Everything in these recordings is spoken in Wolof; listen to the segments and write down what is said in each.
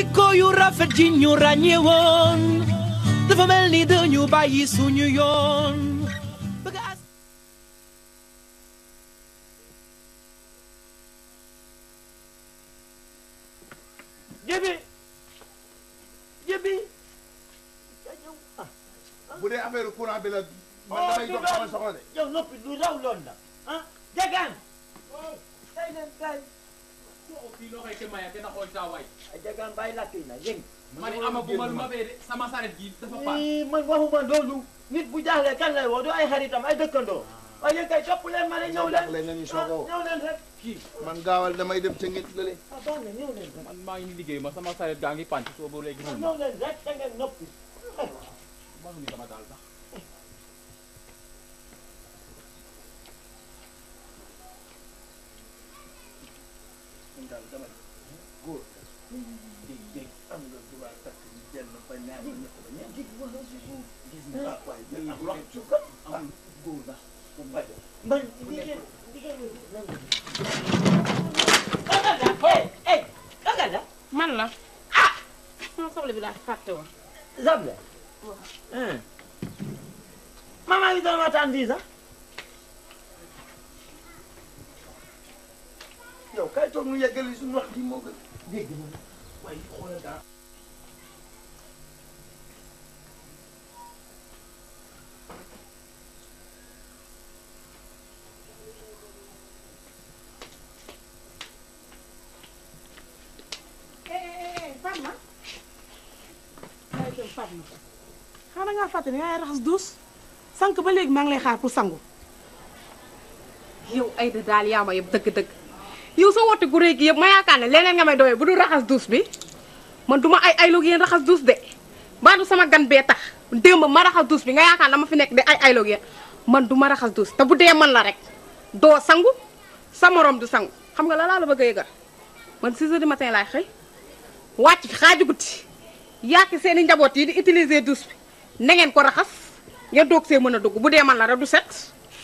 jikko yu rafet ji ñu ràññee woon dafa mel ni dañu bàyyi suñu yoon jibi jibi bu dee affaire courant bi la oh, la ah? jagaan jagaan bàyyi làkk yi na yéen man amaguma lu ma sama saret gi dafa paal man waxuma loolu nit bu jaaxlee kan lay woo du ay xaritam ay dëkkandoo ah. waaye yéen kay topp leen ma ne ah, kii man gaawal damay dem ca ngeen lale ah, baax na ñëw leen man maa ngi liggéey ma sama saret gaa ngi pànc soo ba léegi ñëw leen rek te noppi ma daal sax daal dama ne góor dég dég am nga droit takk ñu benn ba ñaar ba ñett ba ñeent gis nga ah. waaye bi am wax su ko am góor la ah. waaye man Ogada man la ah sama soble bi laa fàtte woon soble maman bi doon waxtaan fii sax yow kaay toog nu yeggali suñu wax lii moo gën dégg eh, eh, eh, na ngaa fàtte ne yaa raxas duus sànq ba léegi maa ngi lay xaar pour sangu yow Aïda daal yaa ma yëpp dëgg-dëgg yow sa woote gu rëy gi yëpp ma yaakaar ne leneen nga may doyee bu dul raxas duus bi man duma ay ayloog yéen raxas duus de baatu sama gan bee tax démb ma raxas duus bi nga yaakaar ma fi nekk di ay ayloog yéen man du ma raxas duus te bu dee man la rek doo sangu sa morom du sangu xam nga la laa la bëgg a yëgal man 6 heures du matin laay xëy wàcc fi xaaju guddi yàq seen i njaboot yi di utiliser duus bi na ngeen ko raxas ngeen doog see mën a dugg bu dee man la rek du set.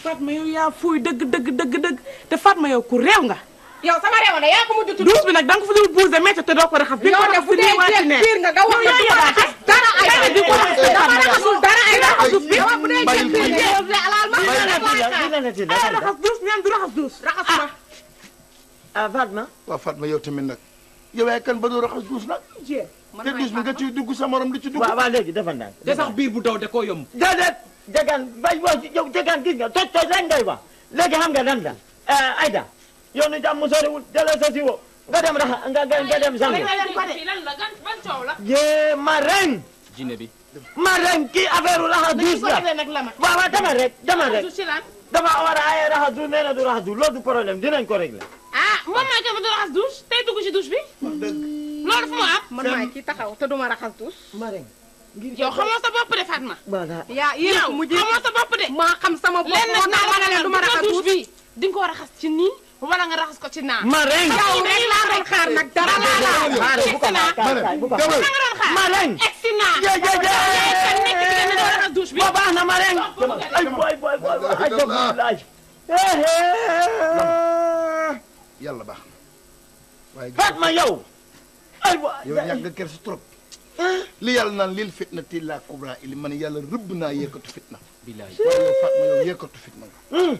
Fatma yow yaa fuuy dëgg dëgg te Fatma yow ku réew nga. yow sama réew la yaa ko mujj tudd. duus bi nag da nga ko fa doon puusé métti te doo ko raxas. bi nga ko raxas nii waa ci ne yow nga nga wax nga ko raxas. dara ay dara di ko raxas dama raxasul dara ay raxasul bi. yow bu dee jël biir de yow de alaal ma. ay raxas duus ñaan du raxas duus. raxas ma ah Fatma. waaw Fatma yow tamit nag yow yaay kan ba doo raxas duus nag. te duus bi nga ciy dugg sa morom di ci dugg. waaw waaw léegi dafa naan. de sax biir bu daw de koo yomb. déedéet Diegane bay boo yow Diegane gis nga toj toj lan ngay wax léegi xam nga lan la euh, Aïda yoonu jàmm soriwul jëlee sa siwo nga dem rax nga nga dem yee ma reng. jinne bi. ma reng kii affaire raxas duus la waaw waaw dama rek dama rek dama war a ay raxas duus nee na du raxas duus loolu du problème dinañ ko régler. ah moom maa ngi du raxas duus tey dugg te duma raxas duus. ma reng. yow xamoo sa de Fatma. voilà yaa yéen a mujj xamoo sa de. maa xam sama bopp moo la du ma raxas duus bi di ko raxas ci nii. wala nga raxas ko ci naan. ma reng yow rek laa doon xaar nag dara laa laa egg si naa. ma reng egg si naa. jërëjëf jërëjëf kan nekk ci ngeen doon raxas douche bi. boo baax na ma reng. ay boy boy boy ay dem laaj. Eh, eh. yàlla baax na. waaye Fatma yow. ay waay yow yàgg nga kersi trop. li yàlla naan lil fitna ti la kubra ili man yàlla rëbb naa yeekatu fitna. bilaay waaye yow Fatma yow yeekatu fitna nga. Hmm.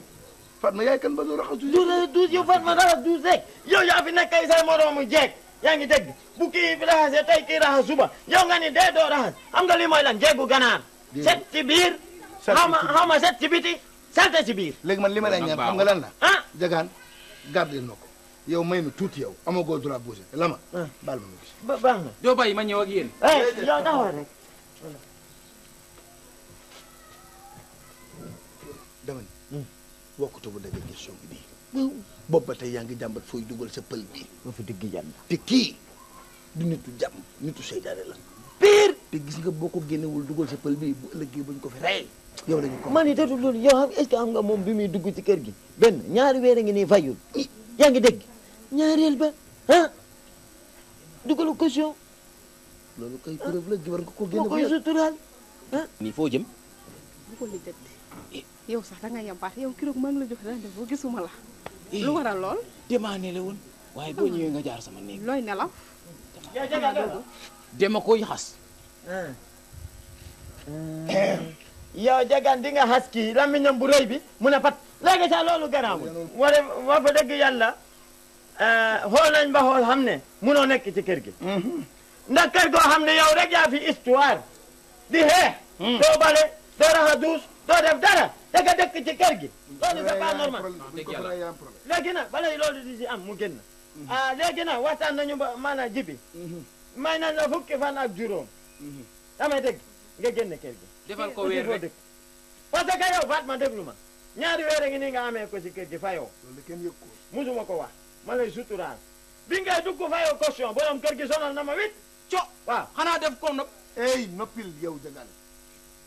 Fatma yaay kan ba doon raxas du douze yow Fatma raxas douze rek eh. yow yaa fi nekk yaa ngi dégg bu kii raxasee eh, tey kii raxas suba yow nga ni dee doo raxas xam nga li mooy lan jeegu ganaar set ci biir xawma set ci biti salte ci biir léegi man nga lan la ah jagaan gardel ma ko yow may nu tuuti yow amagoo droit ma baal ma ma gis baax ma ñëw ak wokkute bu daje question bi nii. boobu ba tey yaa ngi jàmbat fooy dugal sa pël bi. ba fa digg jàmm. te kii du nitu jàmm nitu seytaane la. pire te gis nga boo ko génnewul dugal sa pël bi bu ëllëgee buñ ko fi rey. yow ko ñu ko man itam loolu yow xam est ce que nga moom bi muy dugg ci kër gi benn ñaari weer ngi nii fayul. yaa ngi dégg ñaareel ba ah dugalu caution. loolu kay preuve la ko génne. moo koy suturaal ah. nii foo jëm. yow sax da nga yambaat yow kiroog maa ngi la jox rendez-vous la. Eh, lu waral lool. demaa ne la waaye boo ñëwee nga jaar sama looy nelaw. dama koy xas. Eh. Eh. yow jagan di nga xas kii lamiñam bu rëy bi mu ne pat léegi sax loolu garaawul. wala wax fa dëgg yàlla xool nañ ba xool xam ne munoo nekk ci kër gi. Mhm. ndax kër goo xam ne yow rek yaa fi histoire di xeex. doo mhm. bale doo raxas duus. doo def dara da nga dëkk ci kër gi. loolu c'est pas normal léegi nag balay loolu di si am mu génn. Mhm. ah léegi nag waxtaan nañu ba maanaam jibi mhm. may na la fukki fan ak juróom. Mhm. damay dégg nga gën kër gi. defal ko weer rek parce que yow Fatma déglu ma ñaari weer ngi ni nga amee ko si fayoo. loolu kenn yëg ko. musuma ko wax ma lay bi ngay dugg fayoo caution borom kër gi sonal na ma wit co waaw xanaa def ko nopp. ey noppil yow jagal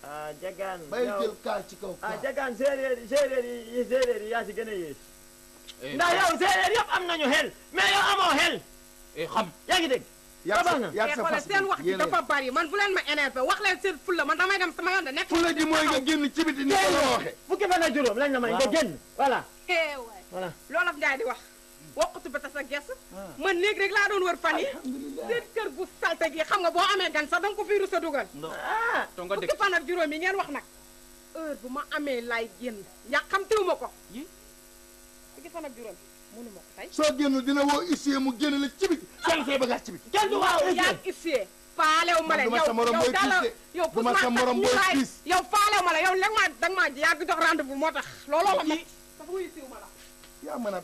ah jagaan bay jël kaas ci kaw ah jagaan séeréer séeréer yi séeréer yi yaa si gën a yées. Eh, ndax eh. yow séeréer yëpp am nañu xel mais yow amoo xel. Eh, xam yaa ngi dégg. yaa sa seen wax ji dafa bari man bu leen ma énervé wax leen seen fulla man damay dem sama yoon de nekk. fulla ji mooy nga génn ci biti ni ko la waxee. fukki fan ak juróom lañ la may nga génn voilà. voilà loolu la Ndiaye di wax. waqtu ba ta sa ges ah. man néeg rek laa doon wër fan yi seen kër gu salte gi xam nga boo amee gan sax danga ko fiiru sa dugal ah. Ah. fukki fan ak juróom yi ngeen wax nag heure bu ma amee lay génn yaa xam teew ma ko fukki fan ak juróom mënu ma ko tey soo génn dina woo huissier mu génn la ci bi seen say bagage ci bi kenn waaw yaa huissier faalew ma la yow yow dala ma sa ma la yow léegi ma danga ma yàgg jox rendez-vous moo tax looloo ma ma mën a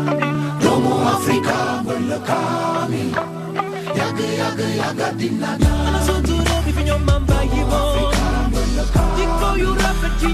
cover le kami yàgg yàgg yàgg dina daan ana soo tuuroo fi ñoom maam bàyyi woon jikko yu rafet